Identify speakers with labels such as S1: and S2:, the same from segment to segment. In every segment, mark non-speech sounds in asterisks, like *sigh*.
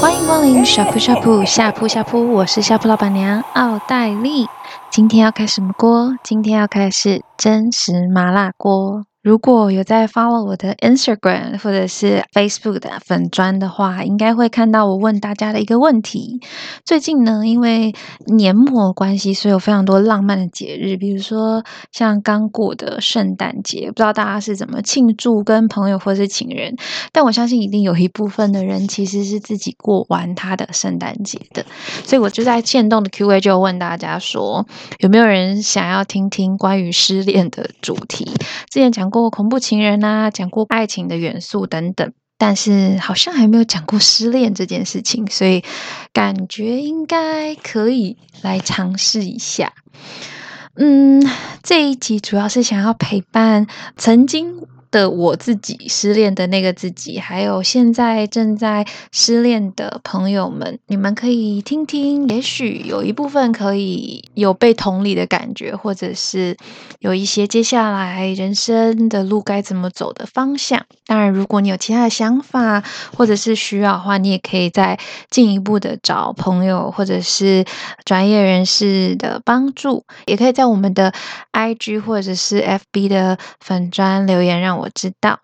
S1: 歡迎光臨下鋪下鋪，下鋪下鋪，我是下鋪老闆娘奧黛麗。今天要開什麼鍋？今天要開的是真實麻辣鍋。如果有在 follow 我的 Instagram 或者是 Facebook 的粉專的話，應該會看到我問大家的一個問題。最近呢，因為年末關係，所以有非常多浪漫的節日，比如說像剛過的聖誕節，不知道大家是怎麼慶祝，跟朋友或是情人？但我相信一定有一部分的人其實是自己過完他的聖誕節的，所以我就在限動的 Q&A 就問大家說，有沒有人想要聽聽關於失戀的主題？之前講過，過恐怖情人啊，講過愛情的元素等等，但是好像還沒有講過失戀這件事情，所以感覺應該可以來嘗試一下。嗯，這一集主要是想要陪伴曾經的我自己失戀的那個自己，還有現在正在失戀的朋友們，你們可以聽聽，也許有一部分可以有被同理的感覺，或者是有一些接下來人生的路該怎麼走的方向。當然，如果你有其他的想法或者是需要的話，你也可以再進一步的找朋友或者是專業人士的幫助，也可以在我們的 IG 或者是 FB 的粉專留言讓我知道。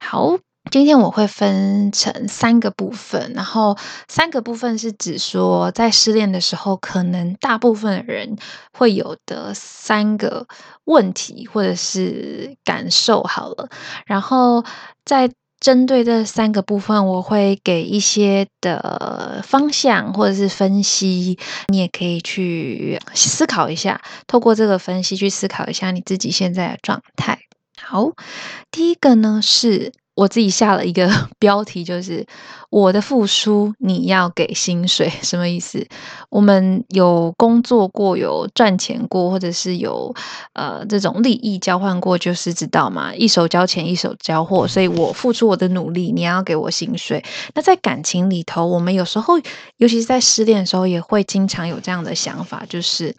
S1: 好。今天我會分成三個部分，然後三個部分是指說在失戀的時候，可能大部分人會有的三個問題或者是感受好了，然後再針對這三個部分，我會給一些的方向或者是分析，你也可以去思考一下，透過這個分析去思考一下你自己現在的狀態。好，第一個呢是。我自己下了一個標題，就是。我的付出，你要給薪水，什麼意思？我們有工作過，有賺錢過，或者是有呃這種利益交換過，就是知道嘛，一手交錢，一手交貨。所以我付出我的努力，你要給我薪水。那在感情裡頭，我們有時候，尤其是在失戀的時候，也會經常有這樣的想法，就是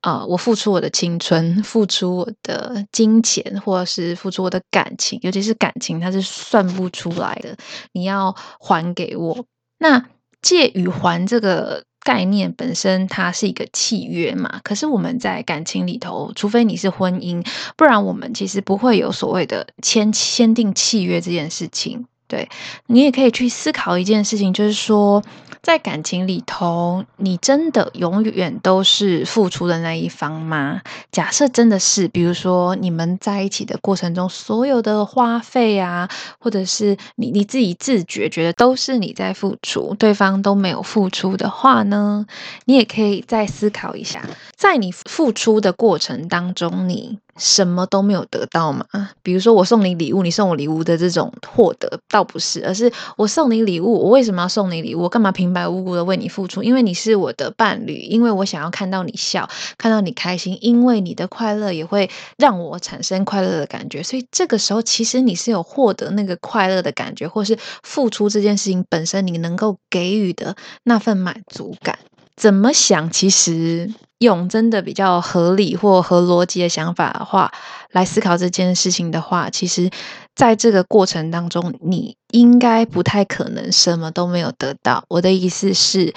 S1: 啊、呃，我付出我的青春，付出我的金錢，或者是付出我的感情，尤其是感情，它是算不出來的，你要還。給我。那借與還這個概念本身，它是一個契約嘛，可是我們在感情裡頭，除非你是婚姻，不然我們其實不會有所謂的簽簽訂契約這件事情。對，你也可以去思考一件事情，就是說，在感情裡頭，你真的永遠都是付出的那一方嗎？假設真的是，比如說你們在一起的過程中，所有的花費啊，或者是你你自己自覺覺得都是你在付出，對方都沒有付出的話呢，你也可以再思考一下，在你付出的過程當中，你，什麼都沒有得到嘛？比如說我送你禮物，你送我禮物的這種獲得倒不是，而是我送你禮物，我為什麼要送你禮物？我幹嘛平白無故的為你付出？因為你是我的伴侶，因為我想要看到你笑，看到你開心，因為你的快樂也會讓我產生快樂的感覺。所以這個時候，其實你是有獲得那個快樂的感覺，或是付出這件事情本身，你能夠給予的那份滿足感。怎麼想？其實用真的比較合理或合邏輯的想法的話來思考這件事情的話，其實在這個過程當中，你應該不太可能什麼都沒有得到。我的意思是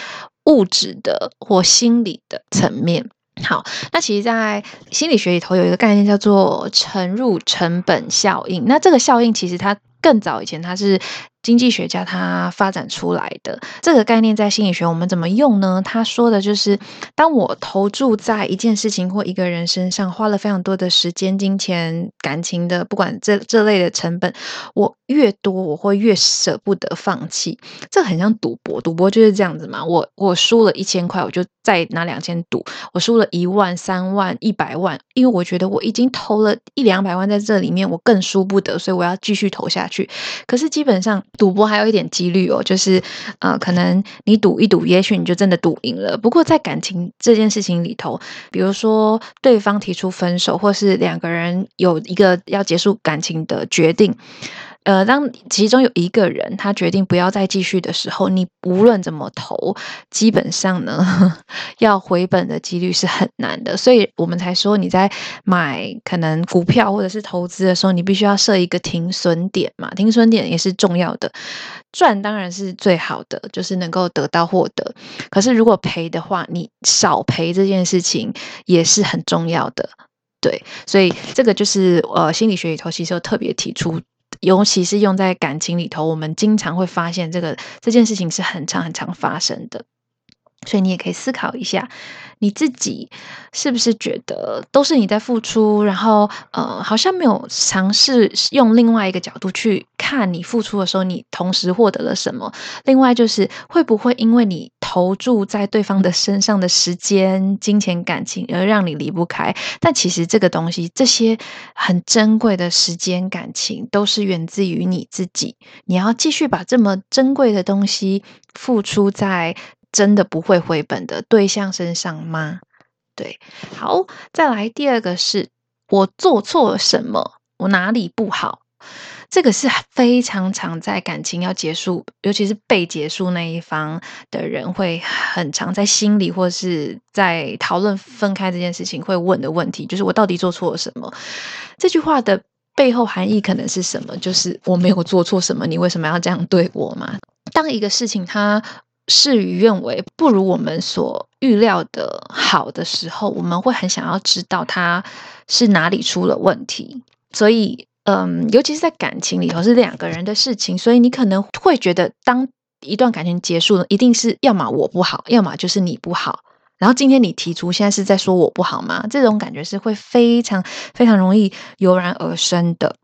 S1: 物質的或心理的層面。好，那其實，在心理學裡頭有一個概念叫做沉入成本效應。那這個效應其實它更早以前它是。經濟學家他發展出來的這個概念，在心理學我們怎麼用呢？他說的就是，當我投注在一件事情或一個人身上，花了非常多的時間、金錢、感情的，不管這這類的成本，我越多我會越捨不得放棄。這很像賭博，賭博就是這樣子嘛，我我輸了一千塊，我就再拿兩千賭；我輸了一萬、三萬、一百萬，因為我覺得我已經投了一兩百萬在這裡面，我更輸不得，所以我要繼續投下去。可是基本上。賭博還有一點幾率哦，就是，呃，可能你賭一賭，也許你就真的賭贏了。不過在感情這件事情裡頭，比如說對方提出分手，或是兩個人有一個要結束感情的決定。呃，當其中有一個人他決定不要再繼續的時候，你無論怎麼投，基本上呢，要回本的幾率是很難的。所以我們才說你在買可能股票或者是投資的時候，你必須要設一個停損點嘛。停損點也是重要的，賺當然是最好的，就是能夠得到獲得。可是如果賠的話，你少賠這件事情也是很重要的。對，所以這個就是呃心理學裡頭其實有特別提出。尤其是用在感情裡頭，我們經常會發現，這個這件事情是很常、很常發生的。所以你也可以思考一下，你自己是不是覺得都是你在付出，然後呃，好像沒有嘗試用另外一個角度去看你付出的時候，你同時獲得了什麼？另外就是會不會因為你投注在對方的身上的時間、金錢、感情而讓你離不開？但其實這個東西，這些很珍貴的時間、感情，都是源自於你自己。你要繼續把這麼珍貴的東西付出在，真的不會回本的對象身上嗎？對，好，再來第二個是我做錯了什麼？我哪裡不好？這個是非常常在感情要結束，尤其是被結束那一方的人會很常在心裡或是在討論分開這件事情會問的問題，就是我到底做錯了什麼？這句話的背後含義可能是什麼？就是我沒有做錯什麼，你為什麼要這樣對我嗎？當一個事情它。事與願違，不如我們所預料的好的時候，我們會很想要知道他是哪裡出了問題。所以，嗯，尤其是在感情裡頭是兩個人的事情，所以你可能會覺得，當一段感情結束了，一定是要麼我不好，要麼就是你不好。然後今天你提出現在是在說我不好嗎？這種感覺是會非常非常容易油然而生的。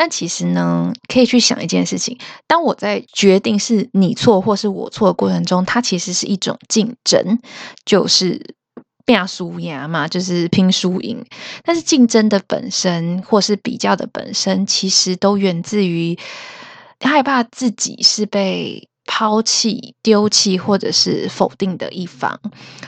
S1: 但其實呢，可以去想一件事情：當我在決定是你錯或是我錯的過程中，它其實是一種競爭，就是變輸贏嘛，就是拼輸贏。但是競爭的本身或是比較的本身，其實都源自於害怕自己是被拋棄、丟棄或者是否定的一方。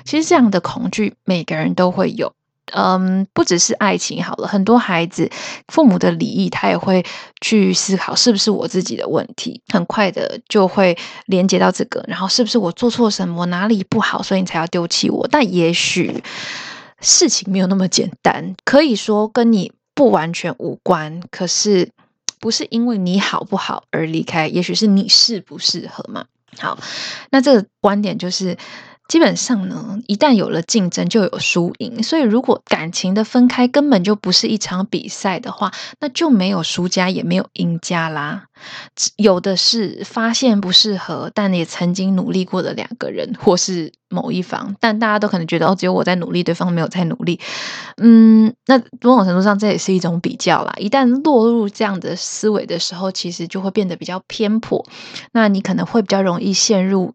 S1: 其實這樣的恐懼，每個人都會有。嗯，不只是愛情好了，很多孩子父母的離異，他也會去思考是不是我自己的問題，很快的就會連接到這個，然後是不是我做錯什麼，哪裡不好，所以你才要丟棄我？但也許事情沒有那麼簡單，可以說跟你不完全無關，可是不是因為你好不好而離開，也許是你適不適合嘛？好，那這個觀點就是。基本上呢，一旦有了競爭，就有輸贏。所以，如果感情的分開根本就不是一場比賽的話，那就沒有輸家，也沒有贏家啦。有的是發現不適合，但也曾經努力過的兩個人，或是某一方。但大家都可能覺得，哦，只有我在努力，對方沒有在努力。嗯，那某種程度上，這也是一種比較啦。一旦落入這樣的思維的時候，其實就會變得比較偏頗。那你可能會比較容易陷入。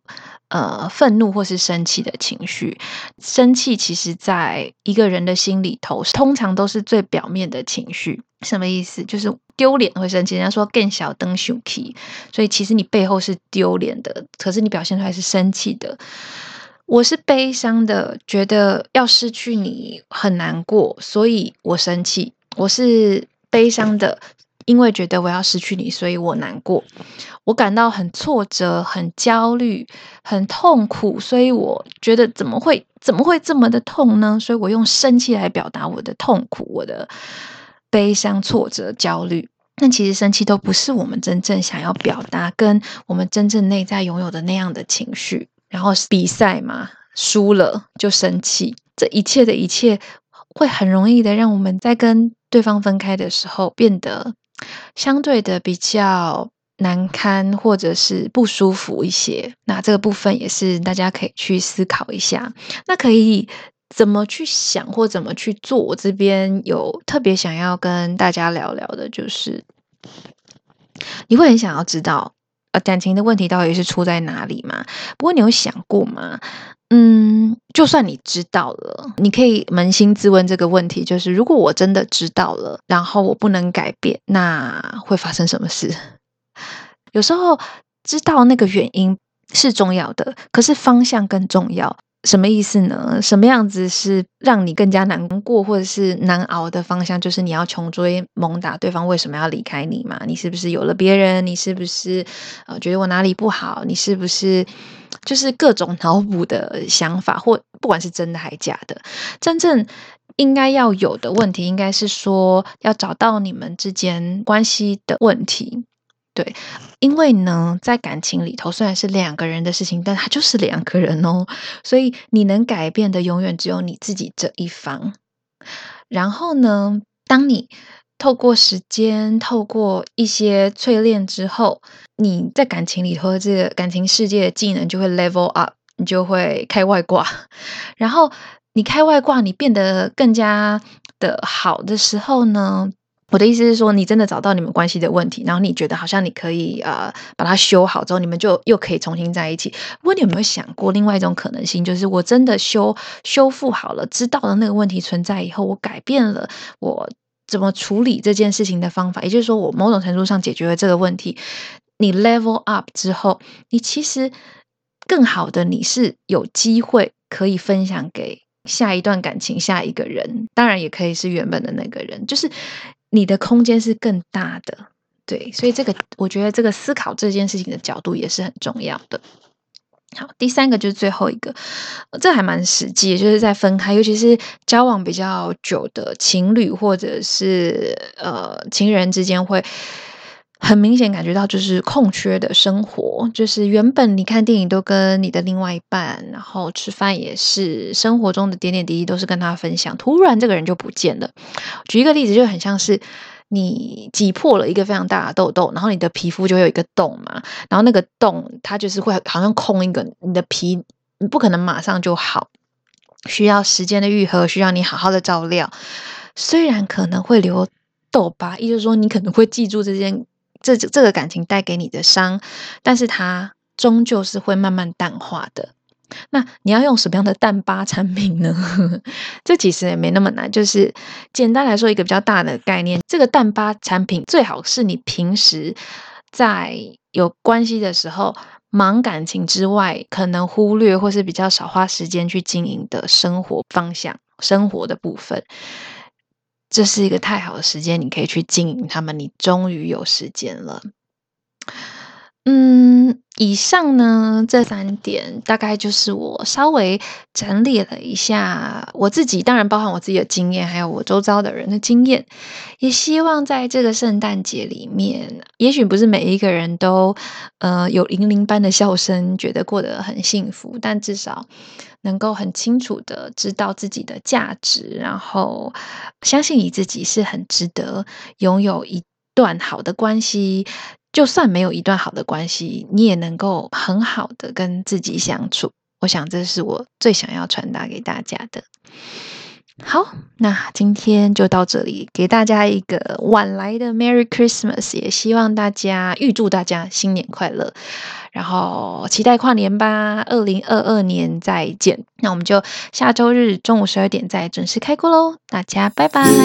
S1: 呃，憤怒或是生氣的情緒，生氣其實，在一個人的心裡頭，通常都是最表面的情緒。什麼意思？就是丟臉會生氣。人家說惱羞成怒，所以其實你背後是丟臉的，可是你表現出來是生氣的。我是悲傷的，覺得要失去你很難過，所以我生氣。我是悲傷的。因為覺得我要失去你，所以我難過，我感到很挫折、很焦慮、很痛苦，所以我覺得怎麼會怎麼會這麼的痛呢？所以我用生氣來表達我的痛苦、我的悲傷、挫折、焦慮。但其實生氣都不是我們真正想要表達，跟我們真正內在擁有的那樣的情緒。然後比賽嘛，輸了就生氣，這一切的一切會很容易的讓我們在跟對方分開的時候變得。相對的比較難堪或者是不舒服一些，那這個部分也是大家可以去思考一下。那可以怎麼去想或怎麼去做？我這邊有特別想要跟大家聊聊的，就是你會很想要知道。感情的問題到底是出在哪裡嘛？不過你有想過嗎？嗯，就算你知道了，你可以捫心自問這個問題，就是如果我真的知道了，然後我不能改變，那會發生什麼事？有時候知道那個原因是重要的，可是方向更重要。什麼意思呢？什麼樣子是讓你更加難過或者是難熬的方向？就是你要窮追猛打對方為什麼要離開你嘛？你是不是有了別人？你是不是呃覺得我哪裡不好？你是不是就是各種腦補的想法？或不管是真的還假的，真正應該要有的問題，應該是說要找到你們之間關係的問題。對，因為呢，在感情裡頭，雖然是兩個人的事情，但他就是兩個人哦，所以你能改變的永遠只有你自己這一方。然後呢，當你透過時間、透過一些淬鍊之後，你在感情裡頭的這個感情世界的技能就會 level up，你就會開外掛。然後你開外掛，你變得更加的好的時候呢？我的意思是說，你真的找到你們關係的問題，然後你覺得好像你可以呃把它修好之後，你們就又可以重新在一起。問你有沒有想過另外一種可能性，就是我真的修修復好了，知道了那個問題存在以後，我改變了我怎麼處理這件事情的方法，也就是說，我某種程度上解決了這個問題。你 level up 之後，你其實更好的你是有機會可以分享給下一段感情、下一個人，當然也可以是原本的那個人，就是。你的空間是更大的，對，所以這個我覺得這個思考這件事情的角度也是很重要的。好，第三個就是最後一個，這還蠻實際，就是在分開，尤其是交往比較久的情侶或者是呃，情人之間會。很明顯感覺到就是空缺的生活，就是原本你看電影都跟你的另外一半，然後吃飯也是生活中的點點滴滴都是跟他分享，突然這個人就不見了。舉一個例子就很像是你擠破了一個非常大的痘痘，然後你的皮膚就會有一個洞嘛，然後那個洞它就是會好像空一個，你的皮你不可能馬上就好，需要時間的愈合，需要你好好的照料。雖然可能會留痘疤，意思就是說你可能會記住這件。這這個感情帶給你的傷，但是它終究是會慢慢淡化的。那你要用什麼樣的淡疤產品呢？ *laughs* 這其實也沒那麼難，就是簡單來說，一個比較大的概念，這個淡疤產品最好是你平時在有關係的時候，忙感情之外，可能忽略或是比較少花時間去經營的生活方向、生活的部分。這是一個太好的時間，你可以去經營他們，你終於有時間了。嗯，以上呢，這三點大概就是我稍微整理了一下我自己，當然包含我自己的經驗，還有我周遭的人的經驗。也希望在這個聖誕節裡面，也許不是每一個人都呃有銀鈴般的笑聲，覺得過得很幸福，但至少能夠很清楚的知道自己的價值，然後相信你自己是很值得擁有一段好的關係。就算沒有一段好的關係，你也能夠很好的跟自己相處。我想這是我最想要傳達給大家的。好，那今天就到這裡，給大家一個晚來的 Merry Christmas，也希望大家預祝大家新年快樂，然後期待跨年吧。二零二二年再見，那我們就下週日中午十二點再準時開鍋嘍。大家拜拜。